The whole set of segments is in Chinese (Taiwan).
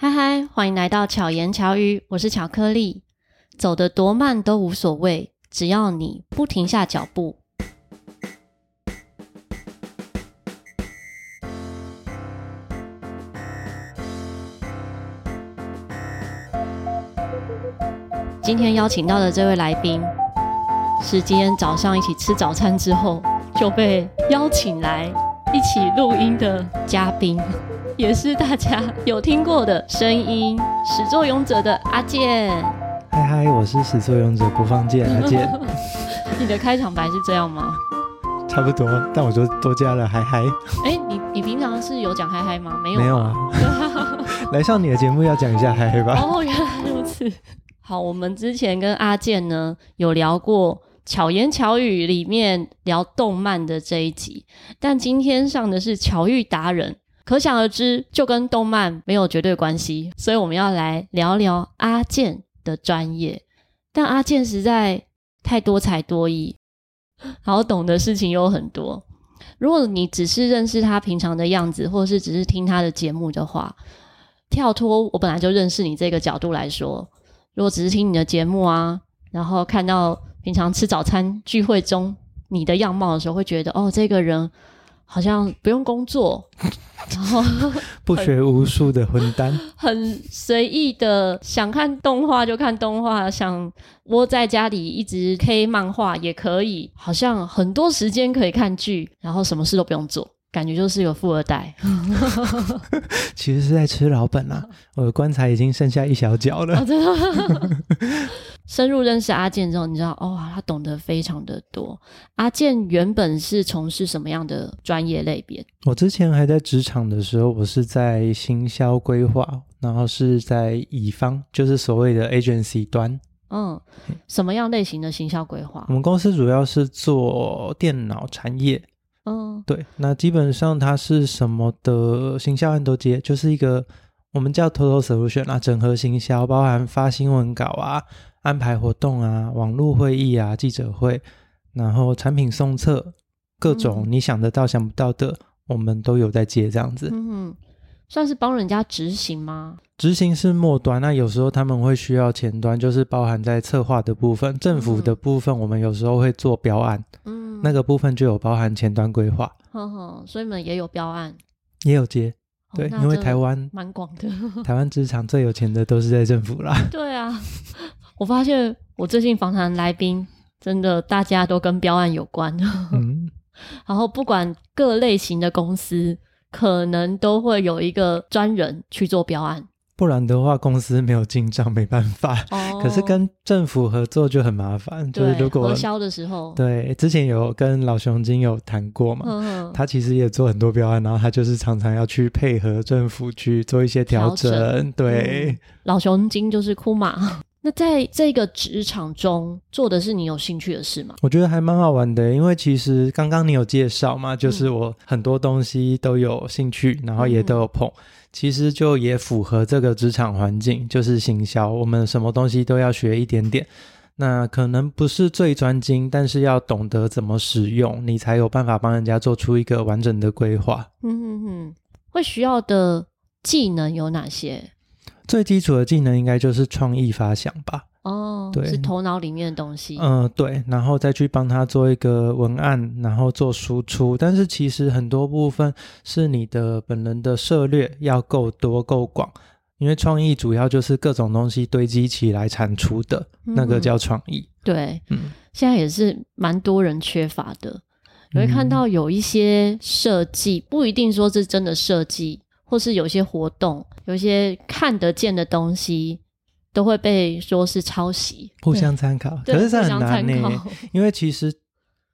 嗨嗨，Hi, Hi, 歡迎來到巧言巧語，我是巧克力。走得多慢都無所謂，只要你不停下腳步。今天邀請到的這位來賓，是今天早上一起吃早餐之後就被邀請來。一起錄音的嘉賓，也是大家有聽過的聲音，始作俑者的阿健。嗨嗨，我是始作俑者，不放箭。阿健， 你的開場白是這樣嗎？差不多，但我就多加了嗨嗨。哎、欸，你你平常是有講嗨嗨嗎？沒有沒有啊。 來上你的節目要講一下嗨嗨吧。哦，原來如此。好，我們之前跟阿健呢有聊過。巧言巧語裡面聊動漫的這一集，但今天上的是巧遇達人，可想而知，就跟動漫沒有絕對關係。所以我們要來聊聊阿鍵的專業，但阿鍵實在太多才多藝，然後懂的事情有很多。如果你只是認識他平常的樣子，或者是只是聽他的節目的話，跳脫我本來就認識你這個角度來說，如果只是聽你的節目啊，然後看到。平常吃早餐聚會中，你的樣貌的時候，會覺得哦，這個人好像不用工作，然後不學無術的混蛋，很隨意的想看動畫就看動畫，想窩在家裡一直 K 漫畫也可以，好像很多時間可以看劇，然後什麼事都不用做。感覺就是個富二代。 其實是在吃老本啊！我的棺材已經剩下一小角了。 深入認識阿鍵之後，你知道，哦，他懂得非常的多。阿鍵原本是從事什麼樣的專業類別？我之前還在職場的時候，我是在行銷規劃，然後是在乙方，就是所謂的 agency 端。嗯，什麼樣類型的行銷規劃？我們公司主要是做電腦產業。嗯，對，那基本上它是什麼的行銷案都接，就是一個我們叫 Total Solution 啊，整合行銷，包含發新聞稿啊、安排活動啊、網絡會議啊、記者會，然後產品送測，各種你想得到想不到的，嗯、我們都有在接這樣子。嗯，算是幫人家執行嗎？執行是末端，那有時候他們會需要前端，就是包含在策劃的部分、政府的部分，我們有時候會做標案。嗯，嗯。那個部分就有包含前端規劃，呵，呵，所以你們也有標案，也有接，對，哦、因為台灣蠻廣的，台灣職場最有錢的都是在政府啦。 對啊，我發現我最近訪談來賓，真的大家都跟標案有關，嗯， 然後不管各類型的公司，可能都會有一個專人去做標案。不然的話，公司沒有進賬，沒辦法。哦。可是跟政府合作就很麻煩，對就是如果核銷的時候，對，之前有跟老熊金有談過嘛，嗯呵，他其實也做很多標案，然後他就是常常要去配合政府去做一些調整，調整對、嗯。老熊金就是庫馬。 那在這個職場中，做的是你有興趣的事嗎？我覺得還蠻好玩的，因為其實剛剛你有介紹嘛，就是我很多東西都有興趣，嗯、然後也都有碰。嗯嗯其實就也符合這個職場環境，就是行銷，我們什麼東西都要學一點點。那可能不是最專精，但是要懂得怎麼使用，你才有辦法幫人家做出一個完整的規劃。嗯哼哼，會需要的技能有哪些？最基礎的技能應該就是創意發想吧。哦，對，是頭腦裡面的東西。嗯、呃，對，然後再去幫他做一個文案，然後做輸出。但是其實很多部分是你的本人的涉獵要夠多、夠廣，因為創意主要就是各種東西堆積起來產出的、嗯、那個叫創意。對，嗯，現在也是蠻多人缺乏的。你會看到有一些設計，嗯、不一定說是真的設計，或是有些活動，有一些看得見的東西。都會被說是抄襲，互相參考，嗯、可是這很難呢、欸，因為其實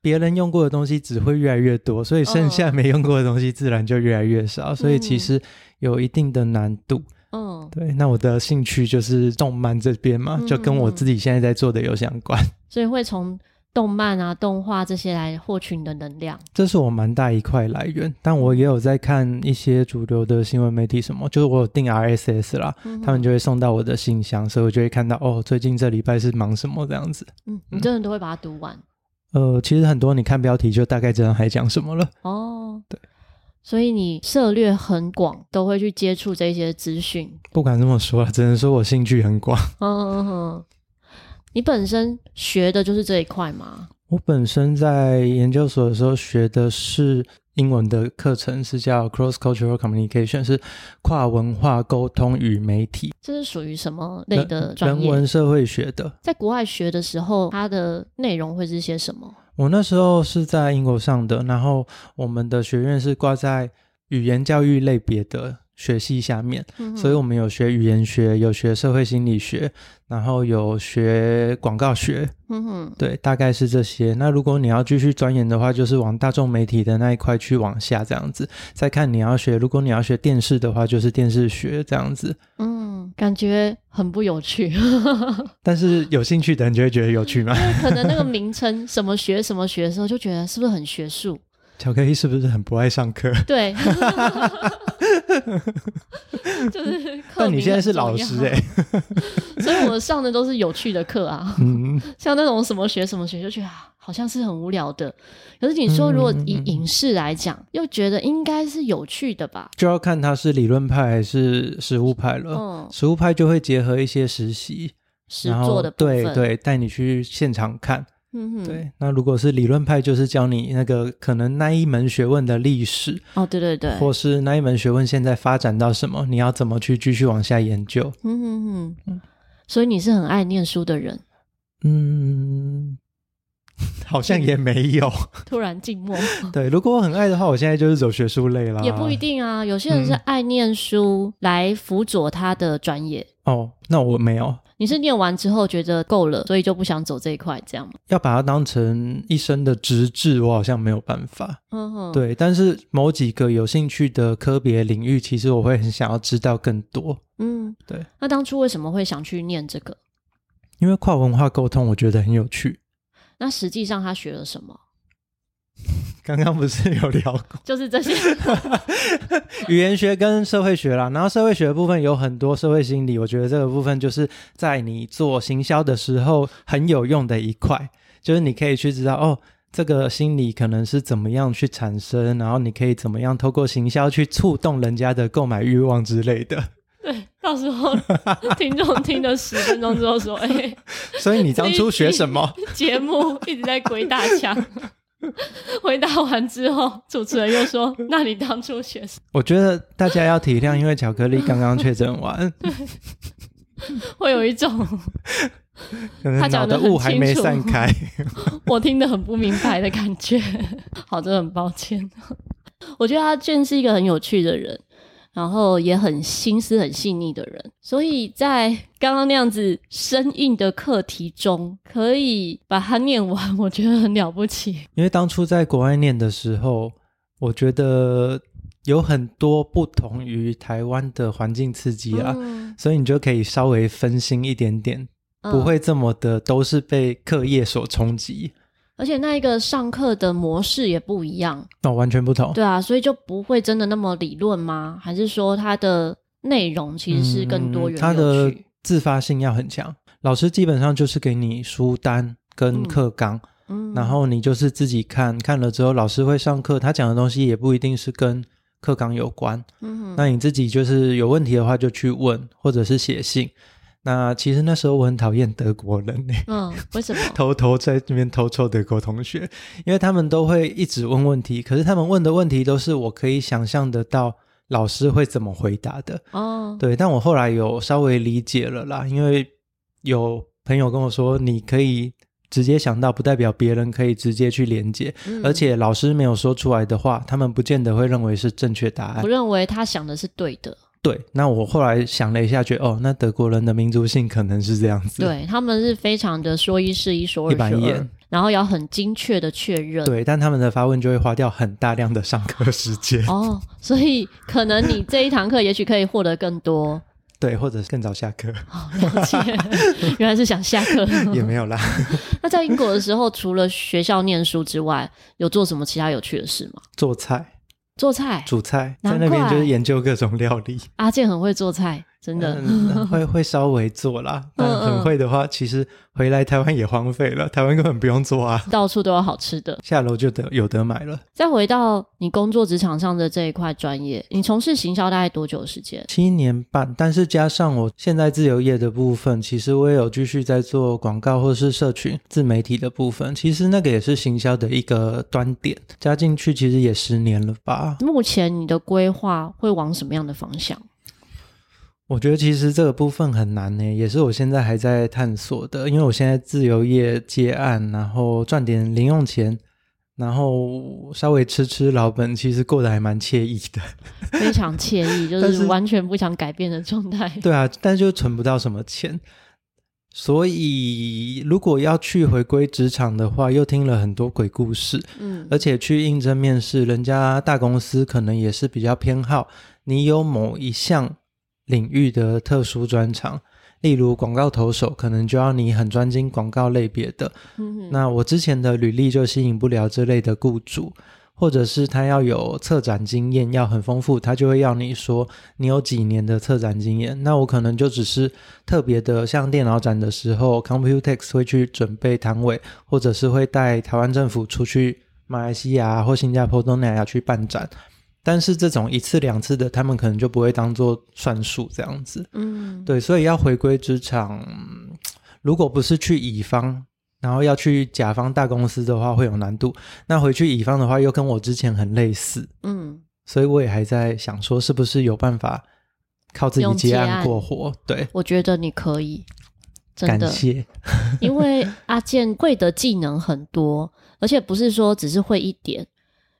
別人用過的東西只會越來越多，所以剩下沒用過的東西自然就越來越少，哦、所以其實有一定的難度。嗯，對，那我的興趣就是動漫這邊嘛，嗯、就跟我自己現在在做的有相關，所以會從。動漫啊，動畫這些來獲取你的能量，這是我蠻大一塊來源。但我也有在看一些主流的新聞媒體，什麼就是我有訂 RSS 啦，嗯、哼他們就會送到我的信箱，所以我就會看到哦，最近這禮拜是忙什麼這樣子。嗯，嗯，你真的都會把它讀完？呃，其實很多你看標題就大概知道還講什麼了。哦，對，所以你涉獵很廣，都會去接觸這些資訊。不敢這麼說，只能說我興趣很廣。嗯。你本身學的就是這一塊嗎？我本身在研究所的時候學的是英文的課程，是叫 Cross Cultural Communication，是跨文化溝通與媒體。這是屬於什麼類的專業？人文社會學的。在國外學的時候，它的內容會是些什麼？我那時候是在英國上的，然後我們的學院是掛在語言教育類別的，學系下面，嗯、哼所以我們有學語言學，有學社會心理學，然後有學廣告學。嗯哼，對，大概是這些。那如果你要繼續鑽研的話，就是往大眾媒體的那一塊去往下這樣子。再看你要學，如果你要學電視的話，就是電視學這樣子。嗯，感覺很不有趣。 但是有興趣的人就會覺得有趣嗎？ 因為可能那個名稱什麼學什麼學的時候，就覺得是不是很學術？巧克力是不是很不愛上課？對， 就但你現在是老師欸， 所以我上的都是有趣的課啊，嗯、像那種什麼學什麼學，就覺得好像是很無聊的。可是你說，如果以影視來講，嗯、又覺得應該是有趣的吧？就要看他是理論派還是實務派了。嗯，實務派就會結合一些實習、實作的部分，對對，帶你去現場看。嗯哼，對，那如果是理論派，就是教你那個可能那一門學問的歷史。哦，對對對，或是那一門學問現在發展到什麼，你要怎麼去繼續往下研究？嗯哼哼，所以你是很愛唸書的人？嗯，好像也沒有。突然靜默。 對，如果我很愛的話，我現在就是走學術類了。也不一定啊，有些人是愛唸書來輔佐他的專業。嗯。哦，那我沒有。你是念完之後覺得夠了，所以就不想走這一塊，這樣嗎？要把它當成一生的職志，我好像沒有辦法。嗯哼，對。但是某幾個有興趣的科別領域，其實我會很想要知道更多。嗯，對。那當初為什麼會想去念這個？因為跨文化溝通，我覺得很有趣。那實際上他學了什麼？剛剛不是有聊過，就是這些 語言學跟社會學啦，然後社會學部分有很多社會心理，我覺得這個部分就是在你做行銷的時候很有用的一塊，就是你可以去知道哦，這個心理可能是怎麼樣去產生，然後你可以怎麼樣透過行銷去觸動人家的購買欲望之類的。對，到時候聽眾聽了十分鐘之後說，哎、欸，所以你當初學什麼？節目一直在鬼打牆。回答完之後，主持人又說：“ 那你當初選……”我覺得大家要體諒，因為巧克力剛剛確診完，對，會 有一種他講的霧還沒散開， 我聽得很不明白的感覺。 好真的，很抱歉。 我覺得阿鍵是一個很有趣的人。然後也很心思很細膩的人，所以在剛剛那樣子生硬的課題中，可以把它念完，我覺得很了不起。因為當初在國外念的時候，我覺得有很多不同於台灣的環境刺激啊，嗯、所以你就可以稍微分心一點點，不會這麼的都是被課業所衝擊。而且那一個上課的模式也不一樣，哦，完全不同。對啊，所以就不會真的那麼理論嗎？還是說它的內容其實是更多元？嗯，它的自發性要很強，老師基本上就是給你書單跟課綱，嗯，嗯，然後你就是自己看，看了之後，老師會上課，他講的東西也不一定是跟課綱有關，嗯哼，那你自己就是有問題的話就去問，或者是寫信。那其實那時候我很討厭德國人呢。嗯，為什麼？偷偷 在這邊偷偷德國同學，因為他們都會一直問問題，可是他們問的問題都是我可以想象得到老師會怎麼回答的。哦，對，但我後來有稍微理解了啦，因為有朋友跟我說，你可以直接想到，不代表別人可以直接去連接。而且老師沒有說出來的話，他們不見得會認為是正確答案。不認為他想的是對的。對，那我後來想了一下，覺得哦，那德國人的民族性可能是這樣子。對，他們是非常的說一是一，說二是二，一板一眼，然後要很精確的確認。對，但他們的發問就會花掉很大量的上課時間。哦，所以可能你這一堂課也許可以獲得更多， 對，或者是更早下課。哦，了解， 原來是想下課的。 也沒有啦。 那在英國的時候，除了學校念書之外，有做什麼其他有趣的事嗎？做菜。做菜、煮菜，難怪，在那邊就是研究各種料理。阿鍵很會做菜。真的，嗯、會會稍微做啦， 但很會的話，其實回來台灣也荒廢了。台灣根本不用做啊，到處都有好吃的，下樓就得有得買了。再回到你工作職場上的這一塊專業，你從事行銷大概多久的時間？七年半，但是加上我現在自由業的部分，其實我也有繼續在做廣告或是社群自媒體的部分。其實那個也是行銷的一個端點，加進去其實也十年了吧。目前你的規劃會往什麼樣的方向？我覺得其實這個部分很難呢，也是我現在還在探索的。因為我現在自由業接案，然後賺點零用錢，然後稍微吃吃老本，其實過得還蠻愜意的。非常愜意，就是完全不想改變的狀態。 對啊，但是就存不到什麼錢。所以如果要去回歸職場的話，又聽了很多鬼故事。嗯，而且去應徵面試，人家大公司可能也是比較偏好你有某一項。領域的特殊專長，例如廣告投手，可能就要你很專精廣告類別的。嗯、哼那我之前的履歷就吸引不了這類的雇主，或者是他要有策展經驗，要很豐富，他就會要你說你有幾年的策展經驗。那我可能就只是特別的，像電腦展的時候，Computex 會去準備攤位，或者是會帶台灣政府出去馬來西亞或新加坡東南亞去辦展。但是這種一次兩次的，他們可能就不會當做算數這樣子。嗯，對，所以要回歸職場，如果不是去乙方，然後要去甲方大公司的話，會有難度。那回去乙方的話，又跟我之前很類似。嗯，所以我也還在想說是不是有辦法靠自己接案過活？對，我覺得你可以。真的。感謝， 因為阿鍵會的技能很多，而且不是說只是會一點，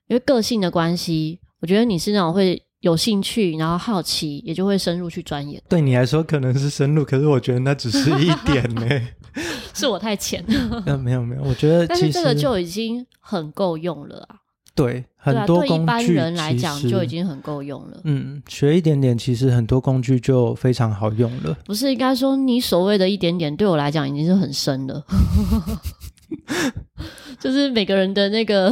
因為個性的關係。我覺得你是那種會有興趣，然後好奇，也就會深入去鑽研。對你來說可能是深入，可是我覺得那只是一點呢、欸。 是我太淺了。嗯，沒有沒有，我覺得其實，但是這個就已經很夠用了啊。對，很多工具對啊，對一般人來講就已經很夠用了。嗯，學一點點，其實很多工具就非常好用了。不是應該說你所謂的一點點，對我來講已經是很深了。 就是每個人的那個。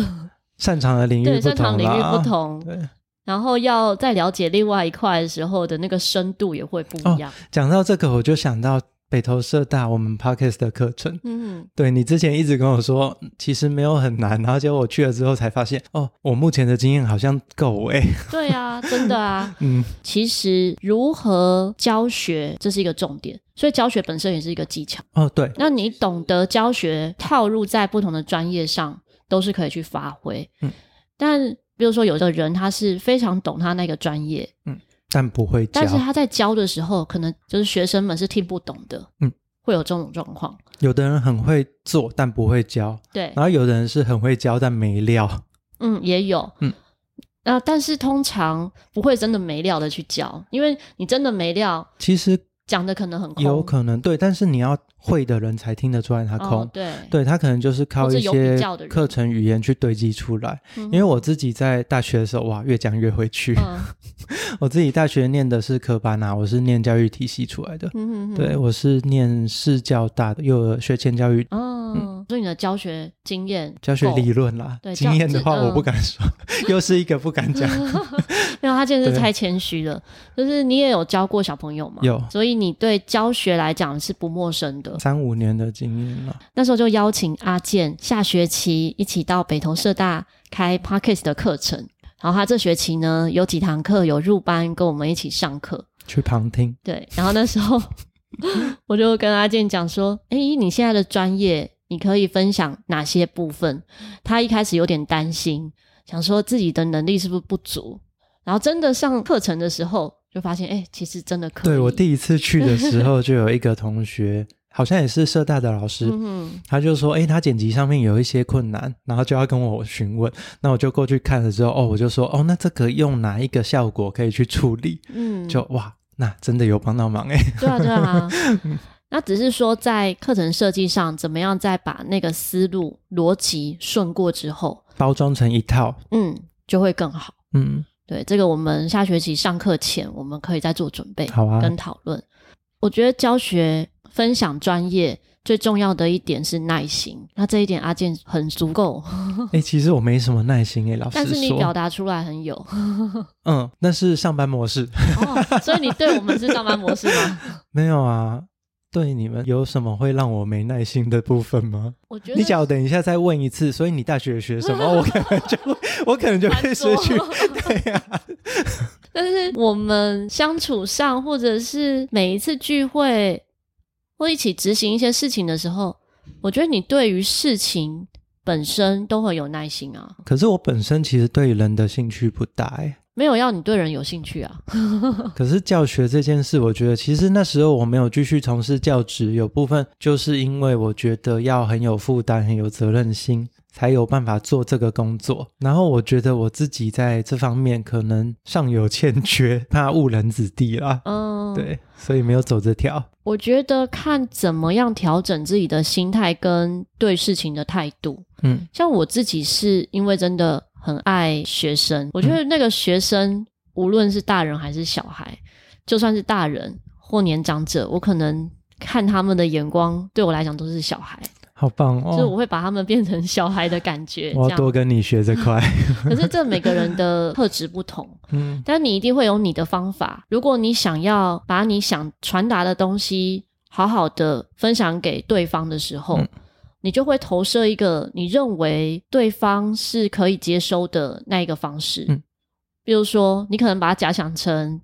擅長的領域不同，對，擅長領域不同，哦、對，然後要再了解另外一塊的時候的那個深度也會不一樣。哦、講到這個，我就想到北投社大我們 Podcast 的課程，嗯，對，你之前一直跟我說其實沒有很難，然後結果我去了之後才發現，哦，我目前的經驗好像夠誒，對啊，真的啊， 嗯，其實如何教學，這是一個重點，所以教學本身也是一個技巧，哦，對，那你懂得教學套路在不同的專業上，都是可以去發揮，嗯，但比如說有的人他是非常懂他那個專業，嗯，但不會教，但是他在教的時候，可能就是學生們是聽不懂的，嗯，會有這種狀況。有的人很會做，但不會教，對，然後有的人是很會教，但沒料，嗯，也有，嗯，啊，但是通常不會真的沒料的去教，因為你真的沒料，其實。講的可能很空，有可能對，但是你要會的人才聽得出來他空，對，對他可能就是靠一些課程語言去堆積出來。因為我自己在大學的時候哇，越講越會去。我自己大學念的是科班啊，我是念教育體系出來的，對，我是念市教大的幼兒學前教育。嗯，所以你的教學經驗、教學理論啦，經驗的話我不敢說，又是一個不敢講。因為他真的是太謙虛了，對就是你也有教過小朋友嘛？有，所以你對教學來講是不陌生的，三五年的經驗了。那時候就邀請阿健下學期一起到北投社大開 Podcast 的課程，然後他這學期呢有幾堂課有入班跟我們一起上課去旁聽。對，然後那時候 我就跟阿健講說：“哎、欸，你現在的專業你可以分享哪些部分？”他一開始有點擔心，想說自己的能力是不是不足。然後真的上課程的時候，就發現哎、欸，其實真的可以。對，我第一次去的時候，就有一個同學， 好像也是社大的老師，嗯、哼他就說哎、欸，他剪輯上面有一些困難，然後就要跟我詢問。那我就過去看了之後，哦，我就說哦，那這個用哪一個效果可以去處理？嗯，就哇，那真的有幫到忙哎、欸，對啊，對啊。 那只是說在課程設計上，怎麼樣再把那個思路、邏輯順過之後，包裝成一套，嗯，就會更好，嗯。對，這個我們下學期上課前我們可以再做準備，好啊，跟討論。我覺得教學分享專業最重要的一點是耐心，那這一點阿鍵很足夠、 欸。其實我沒什麼耐心耶、欸，老師。但是你表達出來很有。 嗯，那是上班模式、 哦。所以你對我們是上班模式嗎？ 沒有啊。對你們有什麼會讓我沒耐心的部分嗎？我覺得你假如等一下再問一次，所以你大學學什麼 我？我可能就我可能就會失去。對啊，但是我們相處上，或者是每一次聚會或一起執行一些事情的時候，我覺得你對於事情本身都很有耐心啊。可是我本身其實對於人的興趣不大。沒有要你對人有興趣啊。 可是教學這件事，我覺得其實那時候我沒有繼續從事教職，有部分就是因為我覺得要很有負擔，很有責任心，才有辦法做這個工作。然後我覺得我自己在這方面可能尚有欠缺，怕誤人子弟啦。嗯，對，所以沒有走這條。我覺得看怎麼樣調整自己的心態跟對事情的態度。嗯，像我自己是因為真的。很愛學生，我覺得那個學生，嗯、無論是大人還是小孩，就算是大人或年長者，我可能看他們的眼光，對我來講都是小孩。好棒，哦，所以我會把他們變成小孩的感覺。我要多跟你學這塊這樣 可是這每個人的特質不同，嗯，但你一定會有你的方法。如果你想要把你想傳達的東西好好的分享給對方的時候。嗯你就會投射一個你認為對方是可以接收的那一個方式，嗯，比如說你可能把它假想成，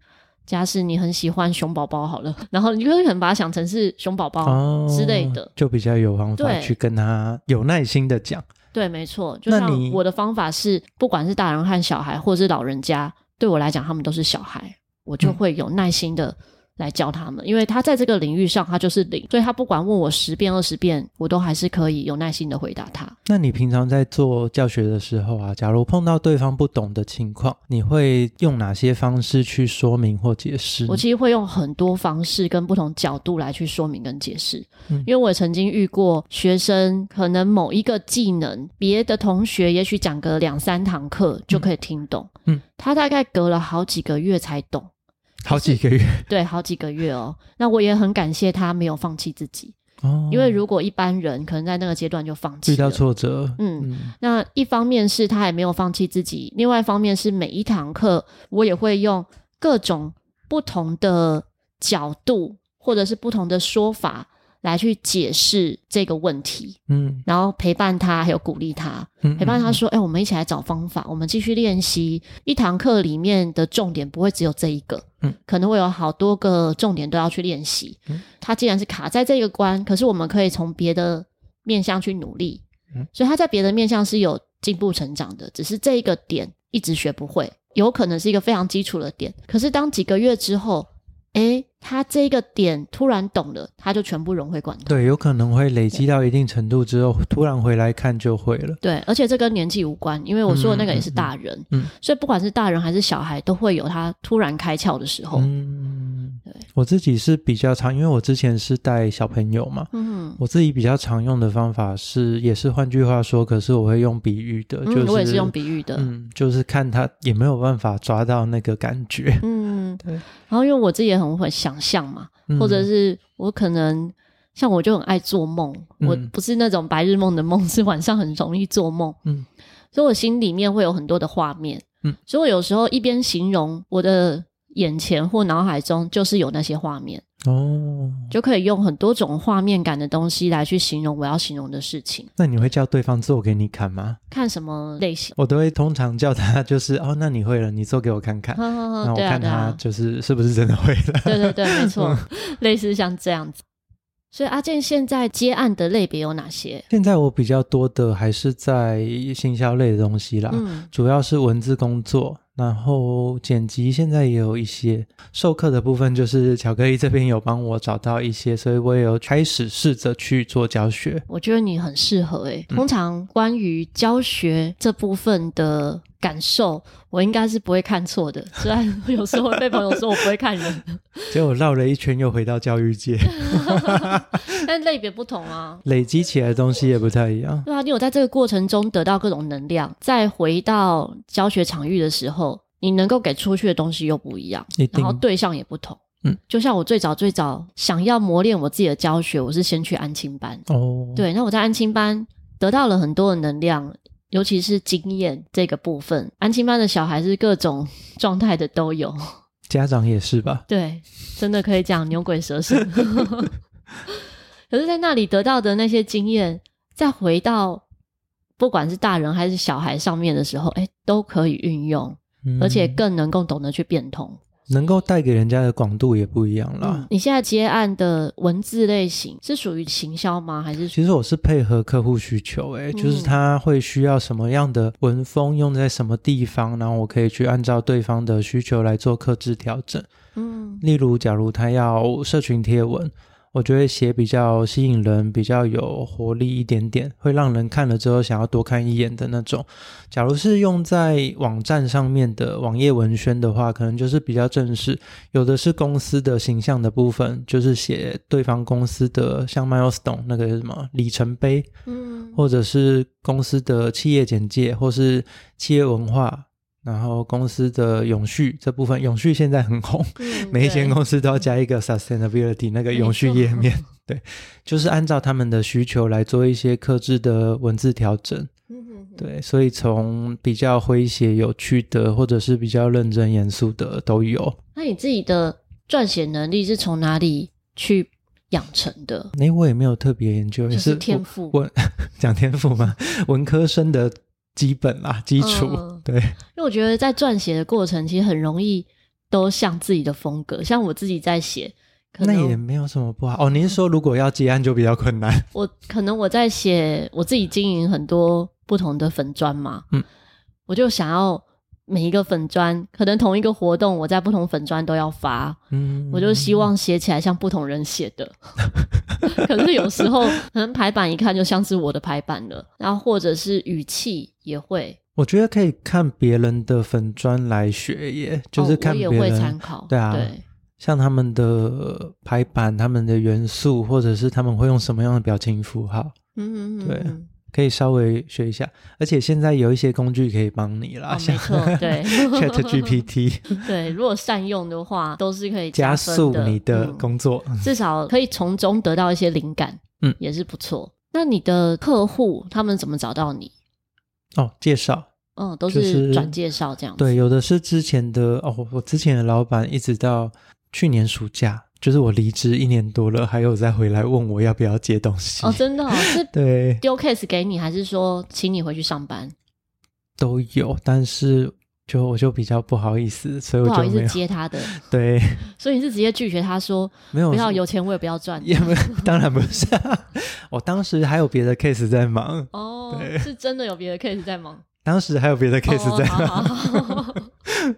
假使你很喜歡熊寶寶好了，然後你就會可能把它想成是熊寶寶、哦、之類的，就比較有方法去跟他對有耐心的講。對，沒錯。就像我的方法是，你不管是大人和小孩，或者是老人家，對我來講，他們都是小孩，我就會有耐心的、嗯。來教他們，因為他在這個領域上他就是零。所以他不管問我十遍二十遍，我都還是可以有耐心的回答他。那你平常在做教學的時候啊，假如碰到對方不懂的情況，你會用哪些方式去說明或解釋？我其實會用很多方式跟不同角度來去說明跟解釋。嗯，因為我曾經遇過學生，可能某一個技能，別的同學也許講個兩三堂課就可以聽懂。嗯，嗯，他大概隔了好幾個月才懂。好幾個月，對，好幾個月哦、喔。那我也很感謝他沒有放棄自己，哦，因為如果一般人可能在那個階段就放棄了，遇到挫折。嗯，嗯，那一方面是他也沒有放棄自己，另外一方面是每一堂課我也會用各種不同的角度或者是不同的說法。來去解釋這個問題，嗯，然後陪伴他，還有鼓勵他，嗯嗯嗯，陪伴他說：“哎、欸，我們一起來找方法，我們繼續練習。一堂課裡面的重點不會只有這一個，嗯，可能會有好多個重點都要去練習。嗯，他既然是卡在這個關，可是我們可以從別的面向去努力，嗯，所以他在別的面向是有進步成長的。只是這一個點一直學不會，有可能是一個非常基礎的點。可是當幾個月之後，哎、欸。”他這個點突然懂了，他就全部融會貫通。對，有可能會累積到一定程度之後，對突然回來看就會了。對，而且這跟年紀無關，因為我說的那個也是大人，嗯嗯嗯嗯。所以不管是大人還是小孩，都會有他突然開竅的時候。嗯對我自己是比較常，因為我之前是帶小朋友嘛，嗯，我自己比較常用的方法是，也是換句話說，可是我會用比喻的，就是、嗯、我也是用比喻的，嗯，就是看他也沒有辦法抓到那個感覺，嗯，對。然後因為我自己也很會想象嘛，嗯、或者是我可能像我就很愛做夢，嗯、我不是那種白日夢的夢，是晚上很容易做夢，嗯，所以我心裡面會有很多的畫面，嗯，所以我有時候一邊形容我的。眼前或腦海中就是有那些畫面哦，就可以用很多種畫面感的東西來去形容我要形容的事情。那你會叫對方做給你看嗎？看什麼類型？我都會通常叫他就是哦，那你會了，你做給我看看，然後我看他就是是不是真的會了。對對對，沒錯，嗯、類似像這樣子。所以阿鍵現在接案的類別有哪些？現在我比較多的還是在行銷類的東西啦，嗯、主要是文字工作。然後剪輯現在也有一些授課的部分，就是巧克力這邊有幫我找到一些，所以我也有開始試着去做教學。我覺得你很適合誒。嗯、通常關於教學這部分的。感受，我應該是不會看錯的。雖然有時候被朋友說我不會看人， 結果繞了一圈又回到教育界。 但類別不同啊，累積起來的東西也不太一樣。對啊，你有在這個過程中得到各種能量，再回到教學場域的時候，你能夠給出去的東西又不一樣，一定。然後對象也不同。嗯，就像我最早最早想要磨練我自己的教學，我是先去安親班。哦，對，那我在安親班得到了很多的能量。尤其是經驗這個部分，安親班的小孩是各種狀態的都有，家長也是吧？對，真的可以講牛鬼蛇神。 可是在那裡得到的那些經驗，再回到不管是大人還是小孩上面的時候，欸，都可以運用，而且更能夠懂得去變通。嗯能夠帶給人家的廣度也不一樣啦。嗯、你現在接案的文字類型是屬於行銷嗎？還是其實我是配合客戶需求誒、欸、嗯，就是他會需要什麼樣的文風，用在什麼地方，然後我可以去按照對方的需求來做客製調整。嗯，例如假如他要社群貼文。我覺得寫比較吸引人，比較有活力一點點，會讓人看了之後想要多看一眼的那種。假如是用在網站上面的網頁文宣的話，可能就是比較正式，有的是公司的形象的部分，就是寫對方公司的，像 Milestone 那個什麼里程碑，或者是公司的企業簡介，或是企業文化。然後公司的永續這部分，永續現在很紅，嗯、每一間公司都要加一個 sustainability、嗯、那個永續頁面。嗯嗯、對，就是按照他們的需求來做一些客製的文字調整。嗯嗯嗯、對，所以從比較詼諧有趣的，或者是比較認真嚴肅的都有。那你自己的撰寫能力是從哪裡去養成的？那我也沒有特別研究，是，就是天賦？講天賦嗎？文科生的。基本啦，啊，基礎、嗯、對，因為我覺得在撰寫的過程，其實很容易都像自己的風格，像我自己在寫，可能那也沒有什麼不好哦。您、嗯、說如果要接案就比較困難，我可能我在寫我自己經營很多不同的粉專嘛，嗯，我就想要。每一個粉專可能同一個活動，我在不同粉專都要發，嗯、我就希望寫起來像不同人寫的。 可是有時候可能排版一看就像是我的排版了，然後或者是語氣也會。我覺得可以看別人的粉專來學，也就是看別人、哦、我也會參考對啊，對，像他們的排版、他們的元素，或者是他們會用什麼樣的表情符號，嗯嗯嗯，對。可以稍微學一下，而且現在有一些工具可以幫你啦。像、哦，對 ，ChatGPT。 對，如果善用的話，都是可以加，加速你的工作、嗯，至少可以從中得到一些靈感，嗯，也是不錯。那你的客戶他們怎麼找到你？哦，介紹，哦，都是轉介紹這樣子、就是。對，有的是之前的哦，我之前的老闆一直到去年暑假。就是我離職一年多了，還有再回來問我要不要接東西哦，真的哦，是丟 case 給你，還是說請你回去上班？都有，但是就我就比較不好意思，所以我就不好意思接他的，對，所以你是直接拒絕他說，沒有，不要有錢我也不要賺，也沒有當然不是啊， 我當時還有別的 case 在忙哦，是真的有別的 case 在忙，當時還有別的 case 在忙。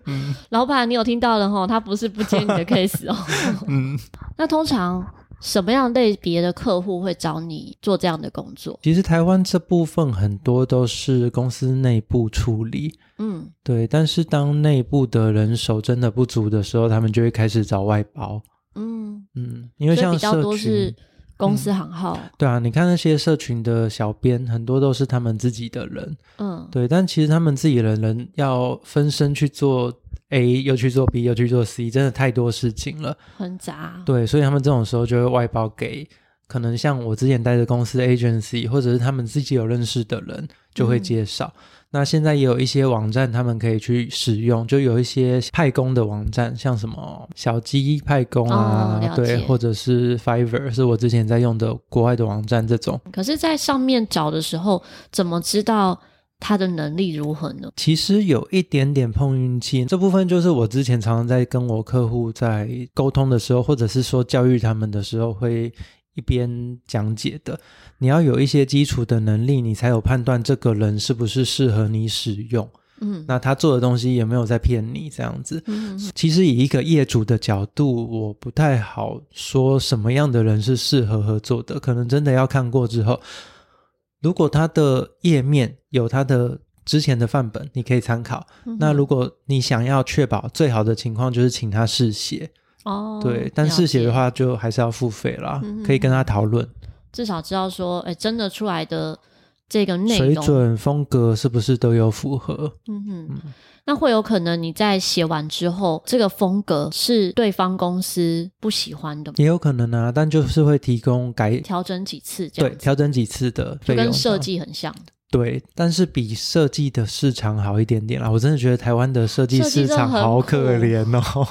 嗯，老闆，你有聽到了齁？他不是不接你的 case 哦。 嗯， 那通常什麼樣類別的客戶會找你做這樣的工作？其實台灣這部分很多都是公司內部處理。嗯，對。但是當內部的人手真的不足的時候，他們就會開始找外包。嗯嗯，因為像比較多是公司行號、嗯、對啊，你看那些社群的小編，很多都是他們自己的人，嗯，對。但其實他們自己的人，人要分身去做 A，又去做 B，又去做 C，真的太多事情了，很雜。對，所以他們這種時候就會外包給可能像我之前待的公司 agency，或者是他們自己有認識的人就會介紹。嗯。那現在也有一些網站，他們可以去使用，就有一些派工的網站，像什麼小雞派工啊，哦、對，或者是 Fiverr，是我之前在用的國外的網站這種。可是，在上面找的時候，怎麼知道他的能力如何呢？其實有一點點碰運氣，這部分就是我之前常常在跟我客戶在溝通的時候，或者是說教育他們的時候會。一邊講解的，你要有一些基礎的能力，你才有判斷這個人是不是適合你使用。嗯哼，那他做的東西也沒有在騙你，這樣子。嗯、哼其實以一個業主的角度，我不太好說什麼樣的人是適合合作的，可能真的要看過之後。如果他的頁面有他的之前的範本，你可以參考。嗯、哼那如果你想要確保最好的情況，就是請他試寫。哦，對，但試寫的話就還是要付費啦，嗯哼，可以跟他討論，至少知道說，哎、欸，真的出來的這個內容，水準、風格是不是都有符合？嗯哼，嗯，那會有可能你在寫完之後，這個風格是對方公司不喜歡的嗎，也有可能啊，但就是會提供改調整幾次這樣，對，調整幾次的，跟設計很像的。對，但是比設計的市場好一點點啦。我真的覺得台灣的設計市場好可憐哦。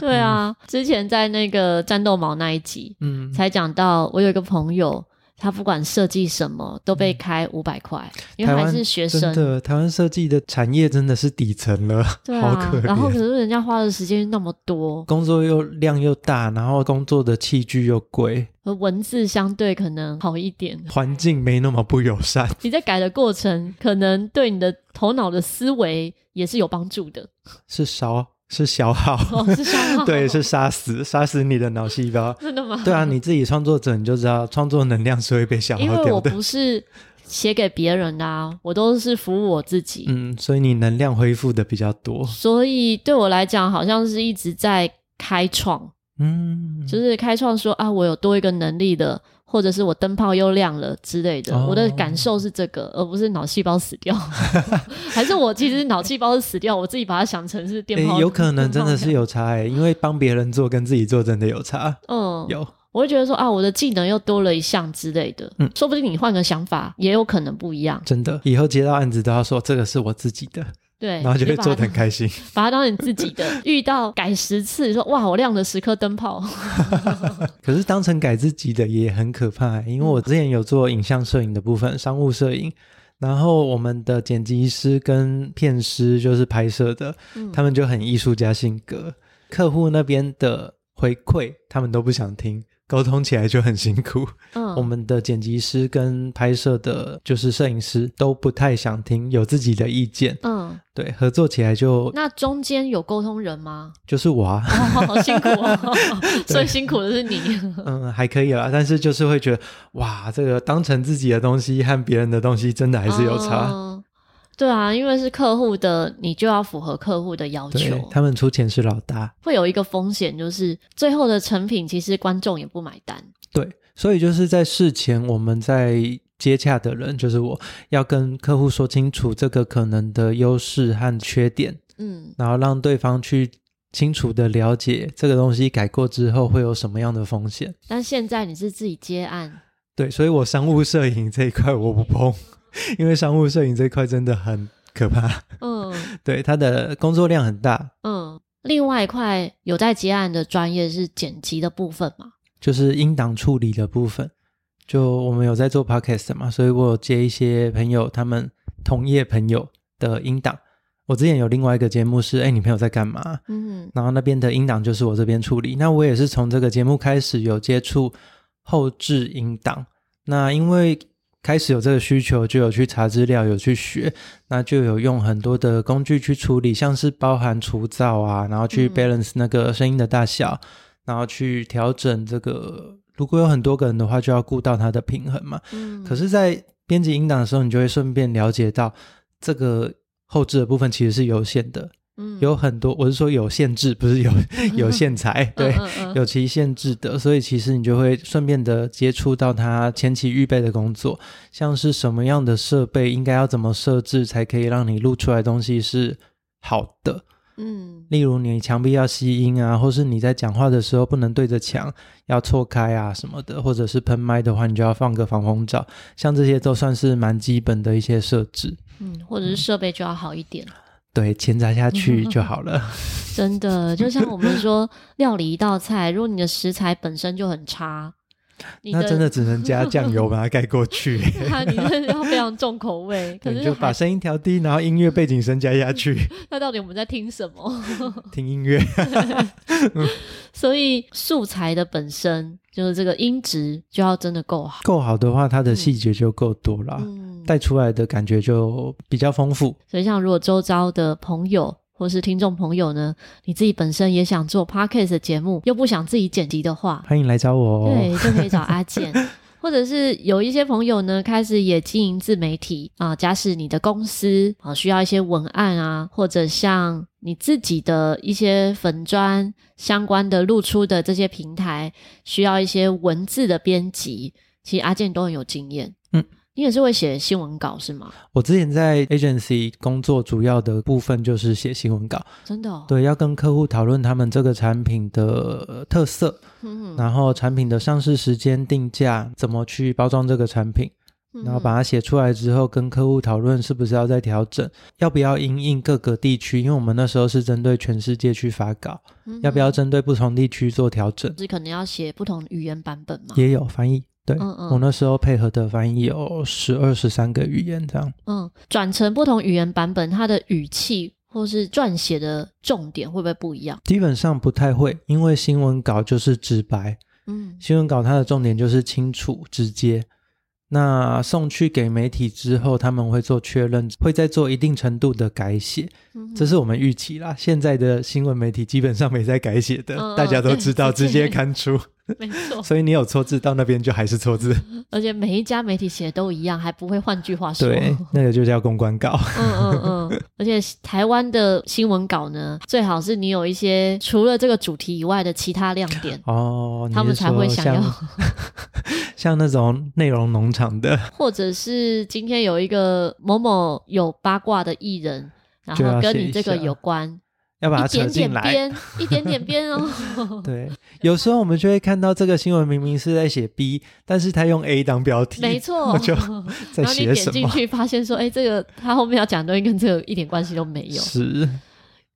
對啊，之前在那個戰鬥毛那一集，嗯，才講到我有一個朋友。他不管設計什麼都被開五百塊，嗯、因為還是學生。真的，台灣設計的產業真的是底層了，對啊、好可憐。然後可是人家花的時間那麼多，工作又量又大，然後工作的器具又貴，而文字相對可能好一點，環境沒那麼不友善。你在改的過程， 可能對你的頭腦的思維也是有幫助的。是少。是消耗，哦，是消耗 對，是殺死殺死你的腦細胞。 真的嗎？對啊，你自己創作者你就知道，創作能量是會被消耗掉的。因為我不是寫給別人啊，我都是服務我自己。嗯，所以你能量恢復的比較多。所以對我來講，好像是一直在開創，嗯，就是開創說啊，我有多一個能力的。或者是我燈泡又亮了之類的，oh. 我的感受是這個，而不是腦細胞死掉， 還是我其實腦細胞是死掉， 我自己把它想成是電、欸。有可能真的是有差欸，因為幫別人做跟自己做真的有差。嗯，有，我會覺得說啊，我的技能又多了一項之類的。嗯，說不定你換個想法，也有可能不一樣。真的，以後接到案子都要說這個是我自己的。對，然後就會做的很開心，把它當成自己的。 遇到改十次，說哇，我亮了十顆燈泡。 可是當成改自己的也很可怕，因為我之前有做影像攝影的部分，嗯、商務攝影。然後我們的剪輯師跟片師就是拍攝的，嗯、他們就很藝術家性格，客戶那邊的回饋他們都不想聽，溝通起來就很辛苦。嗯，我們的剪輯師跟拍攝的，就是攝影師都不太想聽，有自己的意見。嗯。對，合作起來就那中間有溝通人嗎？就是我啊，哦，好辛苦啊，哦， 對所以辛苦的是你。嗯，還可以啦，但是就是會覺得，哇，這個當成自己的東西和別人的東西真的還是有差。嗯，對啊，因為是客戶的，你就要符合客戶的要求。他們出錢是老大，會有一個風險，就是最後的成品其實觀眾也不買單。對，所以就是在事前我們在，接洽的人就是我要跟客戶說清楚這個可能的優勢和缺點，嗯，然後讓對方去清楚的了解這個東西改過之後會有什麼樣的風險。但現在你是自己接案，對，所以我商務攝影這一塊我不碰，因為商務攝影這一塊真的很可怕，嗯， 對，他的工作量很大，嗯。另外一塊有在接案的專業是剪輯的部分嘛，就是音檔處理的部分。就我們有在做 podcast 嘛，所以我有接一些朋友，他們同業朋友的音檔。我之前有另外一個節目是，哎、欸，你朋友在幹嘛？嗯哼，然後那邊的音檔就是我這邊處理。那我也是從這個節目開始有接觸後製音檔。那因為開始有這個需求，就有去查資料，有去學，那就有用很多的工具去處理，像是包含除噪啊，然後去 balance 那個聲音的大小，嗯、哼然後去調整這個。如果有很多個人的話，就要顧到它的平衡嘛。嗯、可是，在編輯音檔的時候，你就會順便了解到這個後製的部分其實是有限的。嗯、有很多，我是說有限制，不是有、嗯、有限材，對，嗯嗯嗯、有其限制的。所以其實你就會順便的接觸到它前期預備的工作，像是什麼樣的設備應該要怎麼設置，才可以讓你錄出來的東西是好的。嗯，例如你牆壁要吸音啊，或是你在講話的時候不能對着牆，要錯開啊什麼的，或者是噴麥的話，你就要放個防風罩，像這些都算是蠻基本的一些設置。嗯，或者是設備就要好一點，嗯、對，錢砸下去就好了、嗯呵呵。真的，就像我們說 料理一道菜，如果你的食材本身就很差。那真的只能加醬油把它蓋過去，他 你要非常重口味可能， 對可就你就把聲音調低，然後音樂背景聲加下去。 那到底我們在聽什麼？ 聽音樂。 所以素材的本身就是這個音質就要真的夠好。夠好的話，它的細節就夠多了，嗯，帶出來的感覺就比較豐富。所以像如果周遭的朋友。或是聽眾朋友呢，你自己本身也想做 Podcast 的節目，又不想自己剪輯的話，歡迎來找我哦，對，就可以找阿鍵。 或者是有一些朋友呢，開始也經營自媒體啊，假使你的公司啊需要一些文案啊，或者像你自己的一些粉專相關的露出的這些平台，需要一些文字的編輯，其實阿鍵都很有經驗。你也是會寫新聞稿是嗎？我之前在 agency 工作，主要的部分就是寫新聞稿。真的、哦？對，要跟客戶討論他們這個產品的特色，嗯、哼然後產品的上市時間、定價，怎麼去包裝這個產品，嗯、哼然後把它寫出來之後，跟客戶討論是不是要再調整，嗯、哼要不要因應各個地區，因為我們那時候是針對全世界去發稿，嗯、哼要不要針對不同地區做調整？是可能要寫不同語言版本嘛？也有翻譯。對，嗯嗯，我那時候配合的翻譯有十二、十三個語言這樣。嗯，轉成不同語言版本，它的語氣或是撰寫的重點會不會不一樣？基本上不太會，因為新聞稿就是直白。嗯，新聞稿它的重點就是清楚，直接。那送去給媒體之後，他們會做確認，會再做一定程度的改寫，嗯嗯，這是我們預期啦。現在的新聞媒體基本上沒在改寫的，嗯嗯，大家都知道，嗯、直接刊出。嗯 沒錯，所以你有錯字，到那邊就還是錯字。 而且每一家媒體寫的都一樣，還不會換句話說。對，那個就叫公關稿。 嗯嗯嗯。而且台灣的新聞稿呢，最好是你有一些除了這個主題以外的其他亮點哦，他們才會想要。像，像那種內容農場的， 或者是今天有一個某某有八卦的藝人，然後跟你這個有關。要把它扯進來一點點編哦。 對，有時候我們就會看到這個新聞明明是在寫 B，但是他用 A 當標題，沒錯。然後你點進去，發現說，哎、欸，這個他後面要講的東西跟這個一點關係都沒有。是，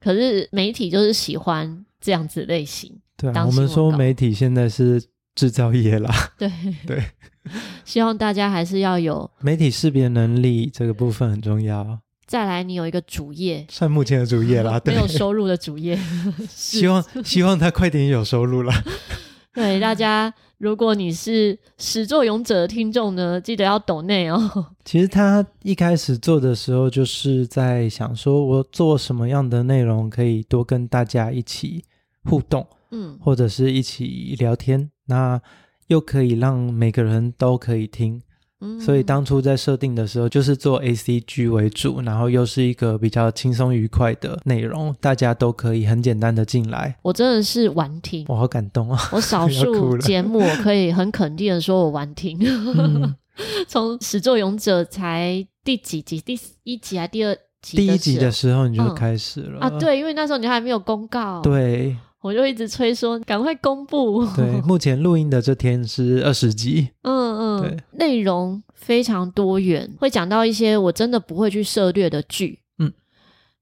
可是媒體就是喜歡這樣子類型。對啊，我們說媒體現在是製造業啦。對對，對希望大家還是要有媒體識別能力，這個部分很重要。再來，你有一個主業，算目前的主業啦，對， 沒有收入的主業。希望希望他快點有收入啦。 對大家，如果你是屎作勇者的聽眾呢，記得要抖內哦。其實他一開始做的時候，就是在想說，我做什麼樣的內容可以多跟大家一起互動，嗯，或者是一起聊天，那又可以讓每個人都可以聽。所以當初在設定的時候，就是做 ACG 為主，然後又是一個比較輕鬆愉快的內容，大家都可以很簡單的進來。我真的是完聽，我好感動啊！我少數 節目，我可以很肯定的說，我完聽。 嗯、從屎作勇者才第幾集？第一集還第二集？第一集的時候你就開始了、嗯、啊？對，因為那時候你還沒有公告。對。我就一直催說，趕快公布。 對，目前錄音的這天是二十集。嗯嗯，嗯對，內容非常多元，會講到一些我真的不會去涉獵的劇。嗯，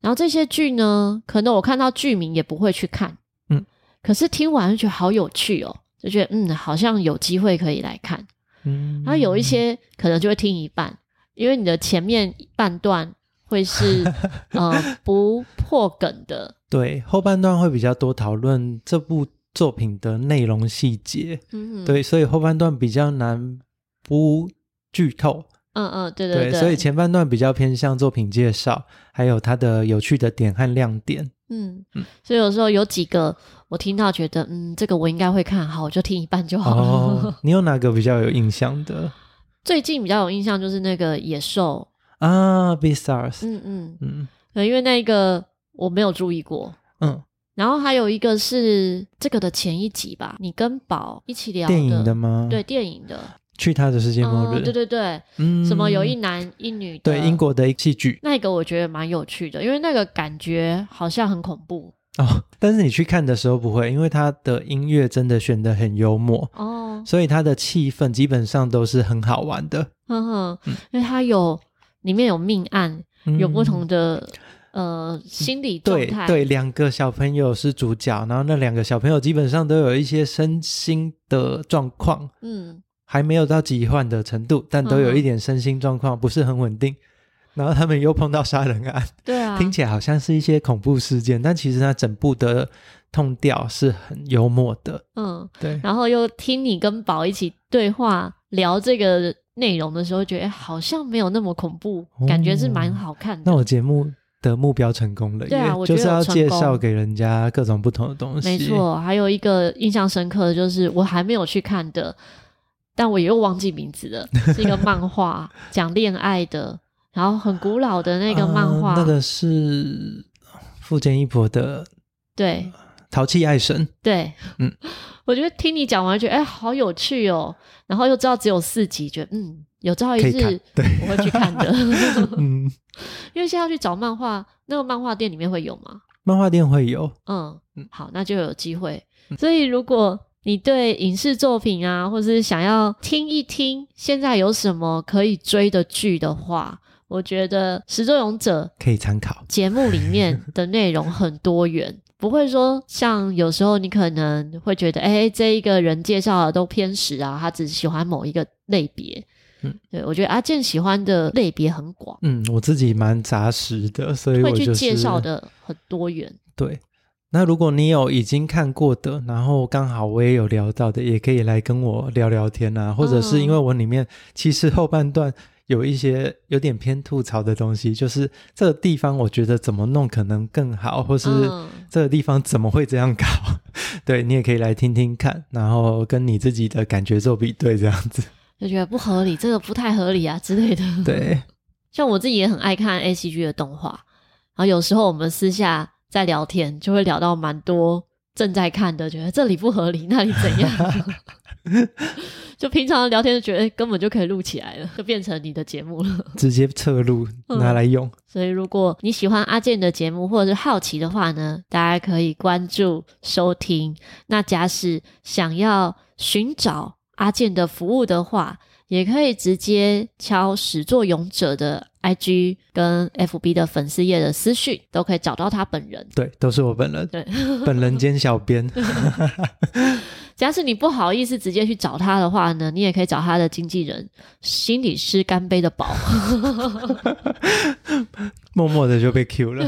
然後這些劇呢，可能我看到劇名也不會去看。嗯，可是聽完就覺得好有趣哦，就覺得嗯，好像有機會可以來看。嗯，然後有一些可能就會聽一半，因為你的前面半段會是 呃不破梗的。對，後半段會比較多討論這部作品的內容細節。嗯，嗯，對，所以後半段比較難不劇透。嗯嗯，對對對，對。所以前半段比較偏向作品介紹，還有它的有趣的點和亮點。嗯，嗯，所以有時候有幾個我聽到覺得，嗯，這個我應該會看好，我就聽一半就好了。哦，你有哪個比較有印象的？ 最近比較有印象就是那個野獸啊，Beastars。Beast ars, 嗯嗯嗯，對，因為那個。我沒有注意過，嗯，然後還有一個是這個的前一集吧，你跟寶一起聊電影的嗎？對，電影的《去他的世界末日》嗯，對對對，嗯，什麼有一男一女，對，英國的一齣戲劇，那個我覺得蠻有趣的，因為那個感覺好像很恐怖哦，但是你去看的時候不會，因為他的音樂真的選的很幽默哦，所以他的氣氛基本上都是很好玩的，呵呵嗯哼，因為他有裡面有命案，有不同的、嗯。呃，心理狀態對，兩個小朋友是主角，然後那兩個小朋友基本上都有一些身心的狀況，嗯，還沒有到疾患的程度，但都有一點身心狀況不是很穩定。嗯、然後他們又碰到殺人案、嗯，對啊，聽起來好像是一些恐怖事件，但其實它整部的痛調是很幽默的，嗯，對。然後又聽你跟寶一起對話聊這個內容的時候，覺得、欸、好像沒有那麼恐怖，嗯、感覺是蠻好看的。哦、那我節目。的目標成功了，對，就是要介紹給人家各種不同的東西。啊、沒錯，還有一個印象深刻的，就是我還沒有去看的，但我也又忘記名字了，是一個漫畫講戀愛的，然後很古老的那個漫畫、呃，那個是富堅義博的，對，淘氣愛神，對，嗯，我覺得聽你講完就覺得哎、欸，好有趣哦，然後又知道只有四集，覺得嗯。有這一日我會去看的看，嗯， 因為現在要去找漫畫，那個漫畫店裡面會有嗎？漫畫店會有，嗯，好，那就有機會。所以如果你對影視作品啊，或者是想要聽一聽現在有什麼可以追的劇的話，我覺得《始作俑者》可以參考。節目裡面的內容很多元，不會說像有時候你可能會覺得，哎、欸，這一個人介紹的都偏食啊，他只喜歡某一個類別。嗯，對，我覺得阿鍵喜歡的類別很廣。嗯，我自己蠻雜食的，所以我、就是、會去介紹的很多元。對，那如果你有已經看過的，然後剛好我也有聊到的，也可以來跟我聊聊天啊。或者是因為我裡面其實後半段有一些有點偏吐槽的東西，就是這個地方我覺得怎麼弄可能更好，或是這個地方怎麼會這樣搞？嗯、 對，你也可以來聽聽看，然後跟你自己的感覺做比對，這樣子。就覺得不合理，這個不太合理啊之類的。對，像我自己也很愛看 ACG 的動畫，然後有時候我們私下在聊天，就會聊到蠻多正在看的，覺得這裡不合理，那裡怎樣。 就平常聊天，就覺得、欸、根本就可以錄起來了，就變成你的節目了，直接側錄拿來用、嗯。所以如果你喜歡阿鍵的節目，或者是好奇的話呢，大家可以關注收聽。那假使想要尋找。阿鍵的服務的話，也可以直接敲屎作勇者的 IG 跟 FB 的粉絲頁的私訊，都可以找到他本人。對，都是我本人，對， 本人兼小編。 假使你不好意思直接去找他的話呢，你也可以找他的經紀人、心理師乾杯的寶， 默默的就被 Q 了。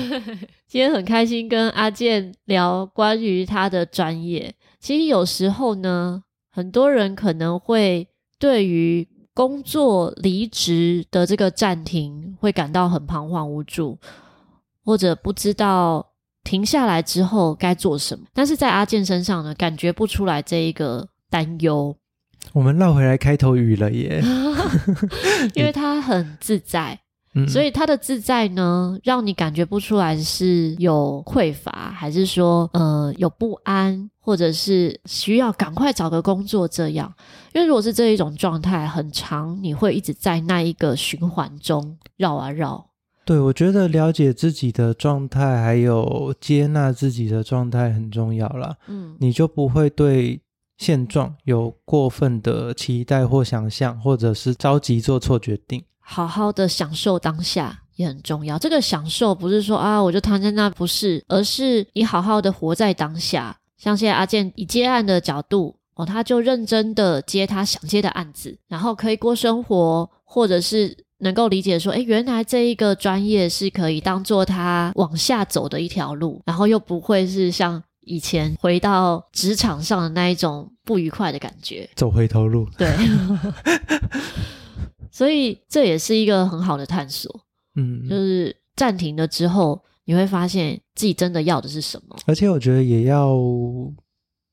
今天很開心跟阿鍵聊關於他的專業，其實有時候呢，很多人可能會對於工作離職的這個暫停會感到很彷徨無助，或者不知道停下來之後該做什麼。但是在阿鍵身上呢，感覺不出來這一個擔憂。我們繞回來開頭語了耶， 因為他很自在。嗯、所以他的自在呢，讓你感覺不出來是有匱乏，還是說呃有不安，或者是需要趕快找個工作這樣。因為如果是這一種狀態很常，你會一直在那一個循環中繞啊繞。對，我覺得了解自己的狀態，還有接納自己的狀態很重要啦，嗯，你就不會對現狀有過分的期待或想象，或者是着急做錯決定。好好的享受當下也很重要。這個享受不是說啊，我就躺在那，不是，而是你好好的活在當下。像現在阿鍵以接案的角度哦，他就認真的接他想接的案子，然後可以過生活，或者是能夠理解說，哎，原來這一個專業是可以當做他往下走的一條路，然後又不會是像以前回到職場上的那一種不愉快的感覺，走回頭路，對。 所以這也是一個很好的探索，嗯，就是暫停了之後，你會發現自己真的要的是什麼。而且我覺得也要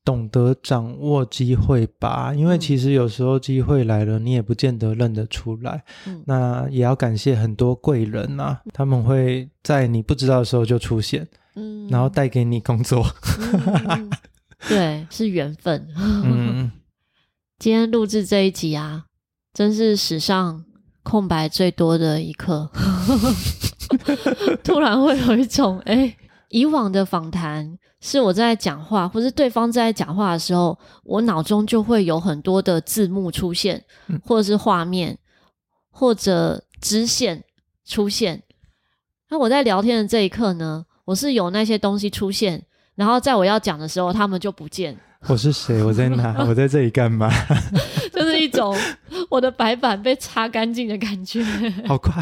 懂得掌握機會吧，因為其實有時候機會來了，你也不見得認得出來。嗯、那也要感謝很多貴人啊，嗯、他們會在你不知道的時候就出現，嗯，然後帶給你工作。 嗯嗯、對，是緣分。 嗯，今天錄製這一集啊。真是史上空白最多的一刻， 突然會有一種哎、欸，以往的訪談是我在講話，或是對方在講話的時候，我腦中就會有很多的字幕出現，或者是畫面，或者支線出現。那我在聊天的這一刻呢，我是有那些東西出現，然後在我要講的時候，他們就不見。我是誰？我在哪？ 我在這裡幹嘛？ 就是一種我的白板被擦乾淨的感覺。好快，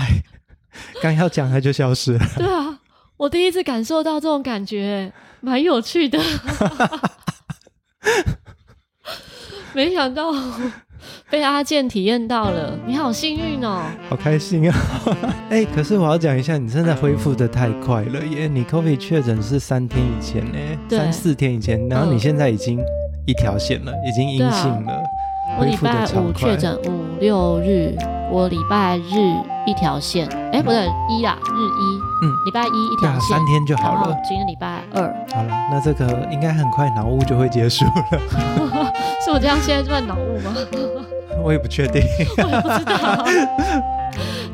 剛要講它就消失了。 對啊，我第一次感受到這種感覺，蠻有趣的。 沒想到。被阿健體驗到了，你好幸運哦、嗯，好開心啊、哦！哎、 欸，可是我要講一下，你現在恢復得太快了耶，因為你 COVID 確診是三天以前呢，對三四天以前，然後你現在已經一條線了，嗯、已經陰性了，啊、恢復的超快。我禮拜五確診，五六日，我禮拜日一條線，哎、欸，不對，一啦，日一，嗯，禮拜一一條線，啊，三天就好了。今天禮拜二，二好了，那這個應該很快腦霧就會結束了。 是我這樣現在就在腦霧嗎？ 我也不確定， 我也不知道。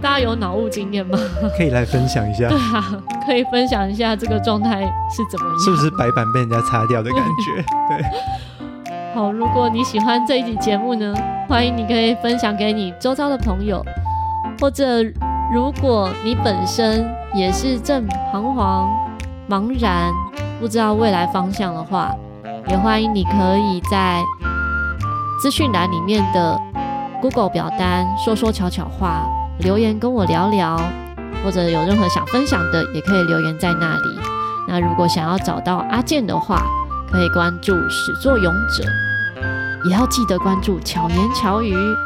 大家有腦霧經驗嗎？可以來分享一下。 對啊，可以分享一下這個狀態是怎麼樣？是不是白板被人家擦掉的感覺？ 對。好，如果你喜歡這一集節目呢，歡迎你可以分享給你周遭的朋友。或者，如果你本身也是正彷徨、茫然，不知道未來方向的話，也歡迎你可以在資訊欄裡面的。Google 表單說說巧巧話，留言跟我聊聊，或者有任何想分享的，也可以留言在那裡。那如果想要找到阿鍵的話，可以關注屎作勇者，也要記得關注巧言巧語。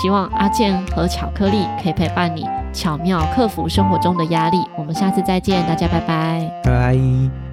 希望阿鍵和巧克力可以陪伴你，巧妙克服生活中的壓力。我們下次再見，大家拜拜，拜。